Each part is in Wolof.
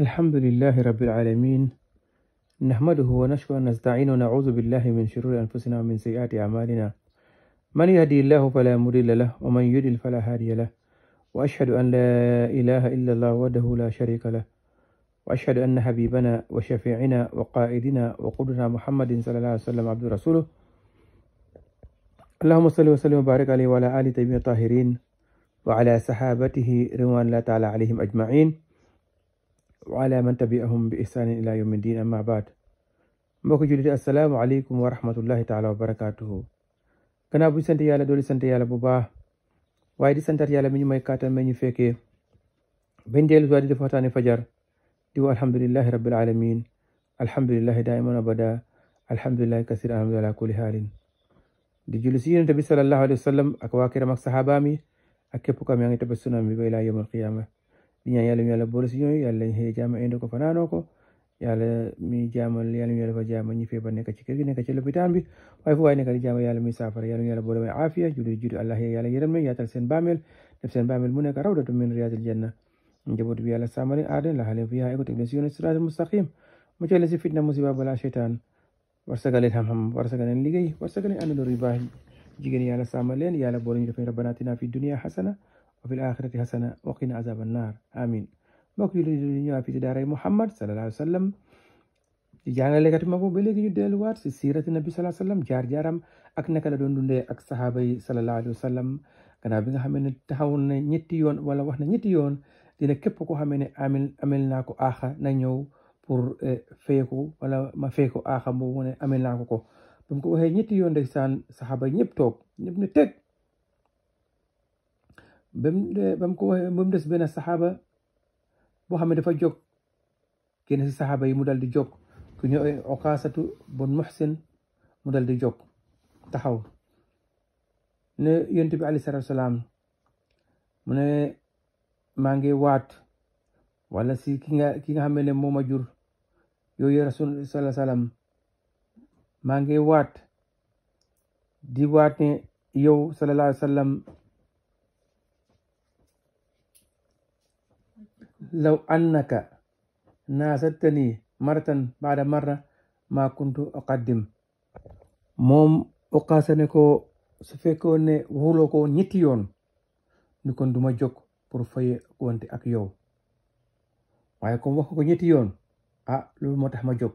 الحمد لله رب العالمين نحمده ونشكر ونستعين ونعوذ بالله من شرور أنفسنا ومن سيئات أعمالنا من يهدي الله فلا مضل له ومن يضلل فلا هادي له وأشهد أن لا إله إلا الله وحده لا شريك له وأشهد أن حبيبنا وشفيعنا وقائدنا وقدنا محمد صلى الله عليه وسلم عبد رسوله اللهم صل وسلم وبارك عليه وعلى آل الطيبين الطاهرين وعلى صحابته رضوان الله تعالى عليهم أجمعين وعلى من تبعهم بإحسان إلى يوم الدين أما baat mbokk jullit asalaamaaleykum wa rahmatullahi taala wa barakaatuhu gannaaw bu ñu sant yàlla dooli sant yàlla bu baax waaye di santat yàlla mi ñu may kàttan ma ñu fekkee bañ dellu si di def waxtaani fajar di wa alhamdulillahi rabbil alamin alhamdulillahi daiman abada alhamdulillahi kasir alhamdu ala kulli haalin di julli si yonent bi sallallahu alayhi wa sallam ak waa këram ak saxaabaam yi ak képp kam yaa ngi tabe sunam bi ba ilaa yawmal qiyaama di ñaan boole si ñooy yàlla ñu xëy jàmm indi ko mi jaamal yàlla fa jaamal ñi feebar nekk ci kër ci lopitaan bi waaye fu waaye nekk di jàmm yàlla mi saafara yàlla boole may aafiya julli julli allah yàlla yërëm leen yaatal seen bàmmeel def seen bàmmeel mu nekk la xale fiyaa eko teg leen si yoon siraat mustaqim mu ci si fitna musiba balaa seytaan warsagaleen xam-xam warsagaleen liggéey warsagaleen àndandoo yu baax jigéen yàlla sàmmal leen ñu def rabbana fi dunya وفي الآخرة حسنة وقنا عذاب النار آمين بوك يلي في تداري محمد صلى الله عليه وسلم جانا لك ما بو بلي كي يدلوات في سيرة النبي صلى الله عليه وسلم جار جارم أكنك لدون دون أك صحابي صلى الله عليه وسلم كنا بيغا حمين تحاون نيتيون ولا وحنا نيتيون دينا كيبكو حمين أمل أملناكو آخر نانيو pour feeku wala ma feeku aaxam boobu mu ne amee naa ko ko bi mu ko waxee ñetti yoon day saan saxaaba ñëpp toog ñëpp ne bam bam ko waxee ba mu des benn saxaaba boo xam ne dafa jóg kenn si saxaaba yi mu dal di jog ku ñu okaasatu bon muxsin mu dal di jog taxaw ne yonent bi aleyhi salaam mu ne maa ngi waat wala si ki nga ki nga xam ne moo ma jur yooyu rasul salaa salaam maa ngi waat di waat ne yow salallaahu lowe annaka naasattanii martan baadamarranii maakuntu kaddim muum boqoqeensisanii koo sufeekoonii waaloo koonaan nyaatiyoon nu kan dhuma jiru kurfaa waye wanti akka yoo waaye koow kookoo nyaatiyoon haa luul matahaa ma jiru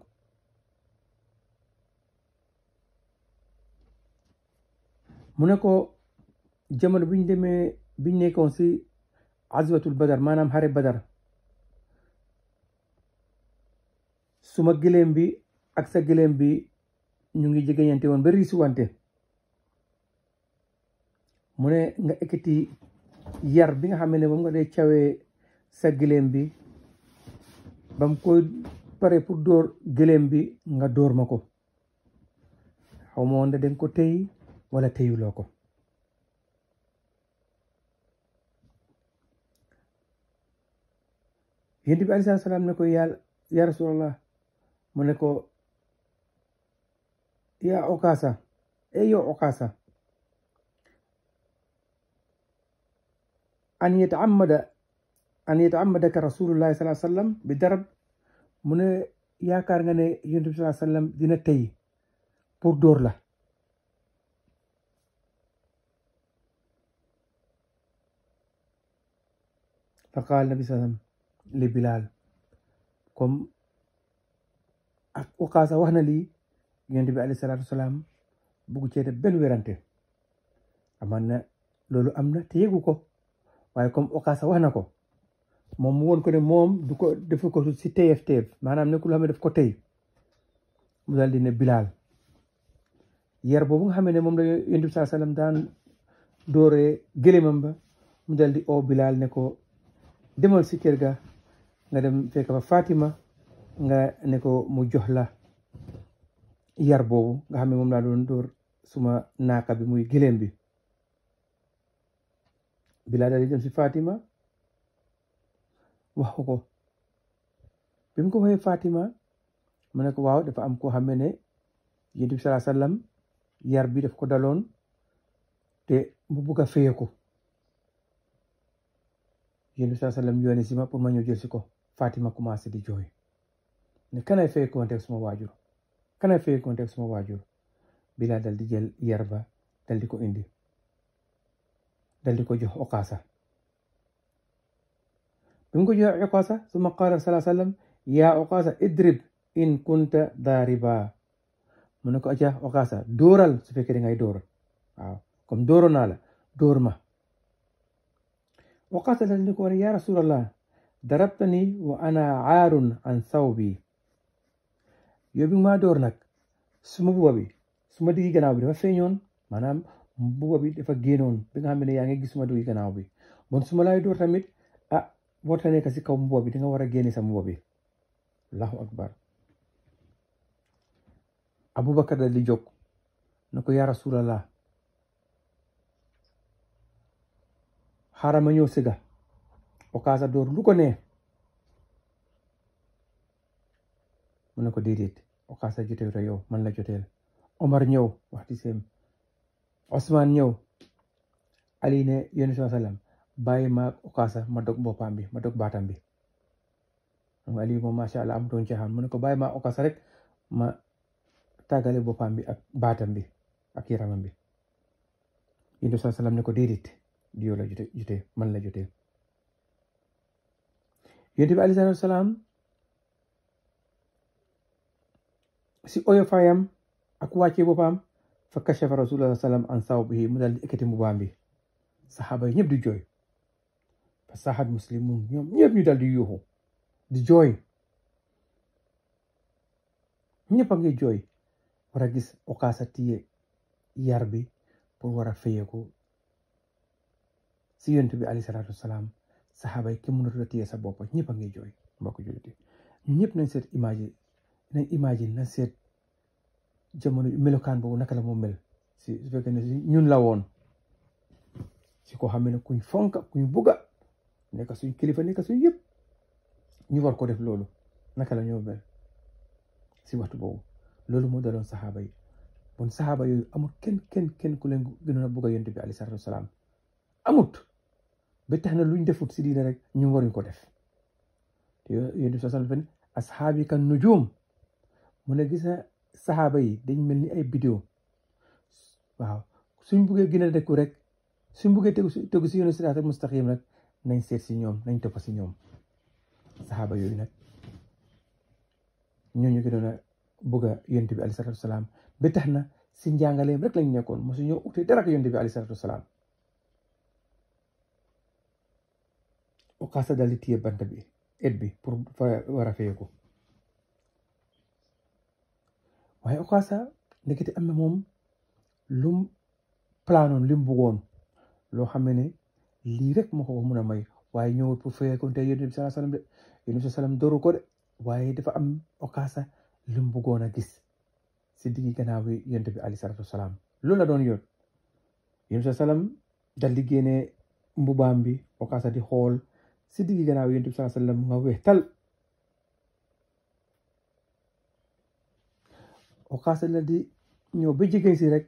muna koo Jamil bini damee binnee kaawunsii cazbatul badar maanaam harii badar. suma gilem bi ak sa gilem bi ñu ngi jigeñante woon ba riisuwante mu ne nga ekkiti yar bi nga xamante ne moom nga day cawee sa gilem bi ba mu koy pare pour door gilem bi nga door ma ko xawmoo nda den ko tëy wala tëyuloo ko yent bi alei saa salaam ne ko yaal ya rasulallah mu ne ko yaa Okaasa eh, ey yow Okaasa an yataamada an yataamadaka rasulullahi sallallahu alayhi wa sallam bi darab mu ne yaakaar ngane ne yonent bi sallallahu sallam dina tey pour doorla faqaal fa qaal nabi sallam li Bilaal comme ak ukaasa wax na lii yonent bi alayhi salaatu wasalaam bugg cee def benn werante aman na loolu am na te yëgu ko waaye comme ukaasa wax na ko moom mu woon ko ne moom du ko defu ko si maanaam nekkul xam ko tey mu daal di ne bilaal yar boobu nga xam ne moom da yonent bi saa sallam daan dooree gëlémam di oo bilaal ne ko demal si kër ga nga dem fekk fa Fatima nga ne ko mu jox la yar boobu nga xam ne moom laa doon dóor suma naaqa bi muy gélem bi bi laa dali jëm si fatima waxu ko bi mu ko waxee fatima mu ne ko waaw dafa am koo xam ne yéen bi salaa sallam yar bi daf ko daloon te mu bugg a féye ko yéen bi salaa sallam yoone si ma pour ma ñëw jël si ko fatima commencé di jooy ne kan ay fay konteeg suma waajur kan ay fay konteeg suma waajur bilaa dal di jël yarba dal di ko indi dal di ko jox okaasa bi mu ko jox okaasa suma qaala salaa sallam yaa okaasa idrib in kunta daariba mu ne ko aca okaasa dóoral su fekkee da ngay dóoral waaw comme dóoro naa la dóor ma okaasa dal di ko war yaa rasulallah darabtani wa ana aarun an sawbi yooyu bi maa door nag suma buba bi suma diggi gannaaw bi dafa feeñoon maanaam buba bi dafa génnoon bi nga xam ne yaa ngi gis suma diggi gannaaw bi bon suma laay door tamit ah boo ta nekk si kaw mbuba bi di nga war a génne sa mbuba bi allahu akbar abubakar dal di jóg na ko yaa rasulallah xaaral ma ñëw sëga okaasa door lu ko ne mun ne ko déedéet Okaasa jotew te yow man la joteel Omar ñëw waxti seem Ousmane ñëw Ali ne yéen saa salaam bàyyi ma Okaasa ma dog boppam bi ma dog baatam bi moom Ali moom macha allah am doon caaxaan mu ne ko bàyyi ma Okaasa rek ma tàggale boppam bi ak baatam bi ak yaramam bi yéen saa salaam ne ko déedéet di yow la jotee man la jotee salaam si fayam ak wàccee boppam fa kashafa rasulullah sallam an sawbihi mu daal di ekkati mbubaam bi yi ñep di joy fa sahad muslimun ñom ñep ñu dal di yuuxu di joy ñep a ngi jooy gis okaasa tiye yar bi pour wara feyeku si yentu bi ali sallallahu wasalaam sahaba yi ki mu tiye sa bop ñep nañ set image nañ imagine na seet jamono melokaan boobu naka la moo mel si su fekkee si ñun la woon si ko xam ne kuñ fonka kuñ bugga nekk suñ kilifa nekk suñ yëpp ñu war ko def loolu naka la ñoo si waxtu boobu loolu moo daloon saxaaba yi bon saxaaba yooyu amut kenn kenn kenn ku leen gënoon a bugga yonent bi aleyhi salaatu wasalaam amut na luñ defut si diina rek ñu waruñ ko def te yonent bi sallallahu alayhi wa mu ne gis na saxaaba yi dañ mel ni ay bidéo waaw suñ buggee gën a dëkku rek suñ buggee tegu si tegu si yoonu siraatal mustaqim rek nañ seet si ñoom nañ topp si ñoom saxaaba yooyu nag ñooñu gënoon a bëgg a yonent bi alayhi salaatu wasalaam ba tax na si njàngaleem rek lañ nekkoon mosu ñoo utee dara ak yonent bi alayhi salaatu wasalaam ukaasa daal di téye bant bi et bi pour fa war feeku waaye Okasa ndekete am na moom lum planoon lim bëggoon loo xam ne lii rek moo ko mën a may waaye ñëw pour fekkonte yonent bi sallallahu alayhi bi sallam doru ko de waaye dafa am Okasa lim a gis si diggi gannaaw bi yonent bi alayhi salaatu loolu la doon yoon yonent bi sallam dal di génne mbubaam bi Okasa di xool si diggi gannaaw yonent bi sallallahu alayhi nga weex Okaase la di ñëw ba jege si rek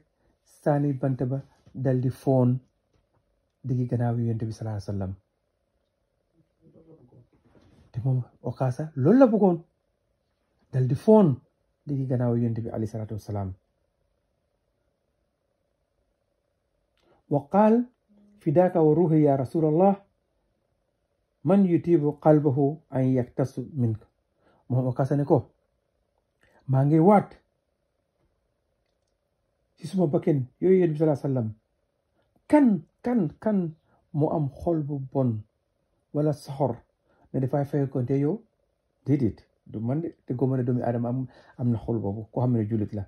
saani bant ba dal di foon diggi gannaaw yonent bi sallallahu Okaasa loolu la bëggoon dal di foon diggi gannaaw yonent bi alayhi salaatu wassalaam wa qaal fidaaka wa ruuxi ya rasulallah man yutiibu qalbahu an yaktasu minka moom Okaasa ne ko maa waat ci suma bakken yooyu yéen bi salaa sallam kan kan kan mu am xol bu bon wala soxor ne dafay faykonte yow déedéet du man de te goma ne doomi aadama am na xol boobu koo xam ne jullit la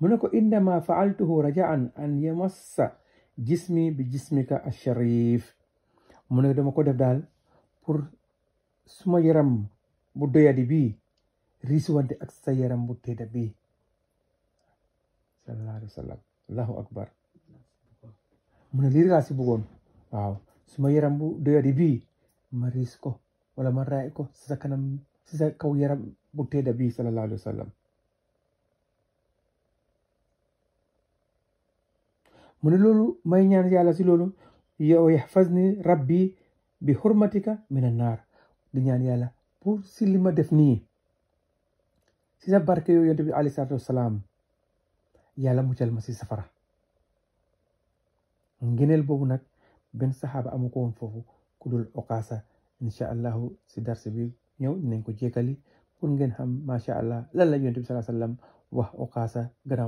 mu ne ko innama faaltuhu rajaan an yamassa jismi bi jismika asharif mu ne dama ko def daal pour suma yaram bu doyadi bi riisuwante ak sa yaram bu tedda bii sallallahu alayhi wa sallam allahu akbar mu ne lii laa si bëggoon waaw suma yaram bu doyadi bii ma riis ko wala ma raay ko si sa kanam si sa kaw yaram bu tedda bii sallallahu alayhi wa sallam mu ne loolu may ñaan yàlla si loolu yow yaxfazni rabbi bi xurmatika min annaar di ñaan yàlla pour si li ma def nii si sa barke yow yonte bi alayhi salaatu wasalaam yàlla muccal ma si safara ngeneel boobu nag benn saxaaba amu ko woon foofu ku dul uqaasa incha allahu si darse bi ñëw dinañ ko jekkali pour ngeen xam macha allah lan la yonent bi salaa sallam wax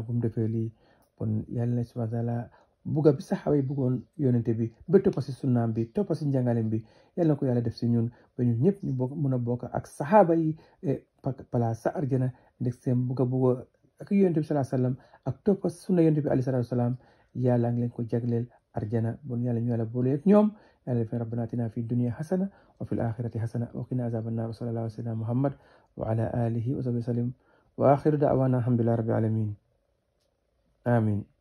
bu mu defee lii kon yàlla na subhaana taala bugga bi saxaaba bi ba toppa si sunnaam bi toppa si njàngalem bi yàlla ko yàlla def si ñun ba ñun ñëpp ñu bokk mën a bokk ak saxaaba yi eh, arjana ndeg seen bugga bugga ak yoonte bi sallallahu alayhi wasallam ak toppa sunna yoonte bi alayhi salaatu wasalaam yàlla ngi len ko jagleel arjana bon yàlla ñu yàlla boole ak ñom yàlla fi rabbana atina fi dunya hasana wa fil akhirati hasana wa qina azaban nar sallallahu alayhi wasallam muhammad wa ala alihi wa sahbihi wa sallim wa axiru da'wana alhamdulillahi rabbil alamin amin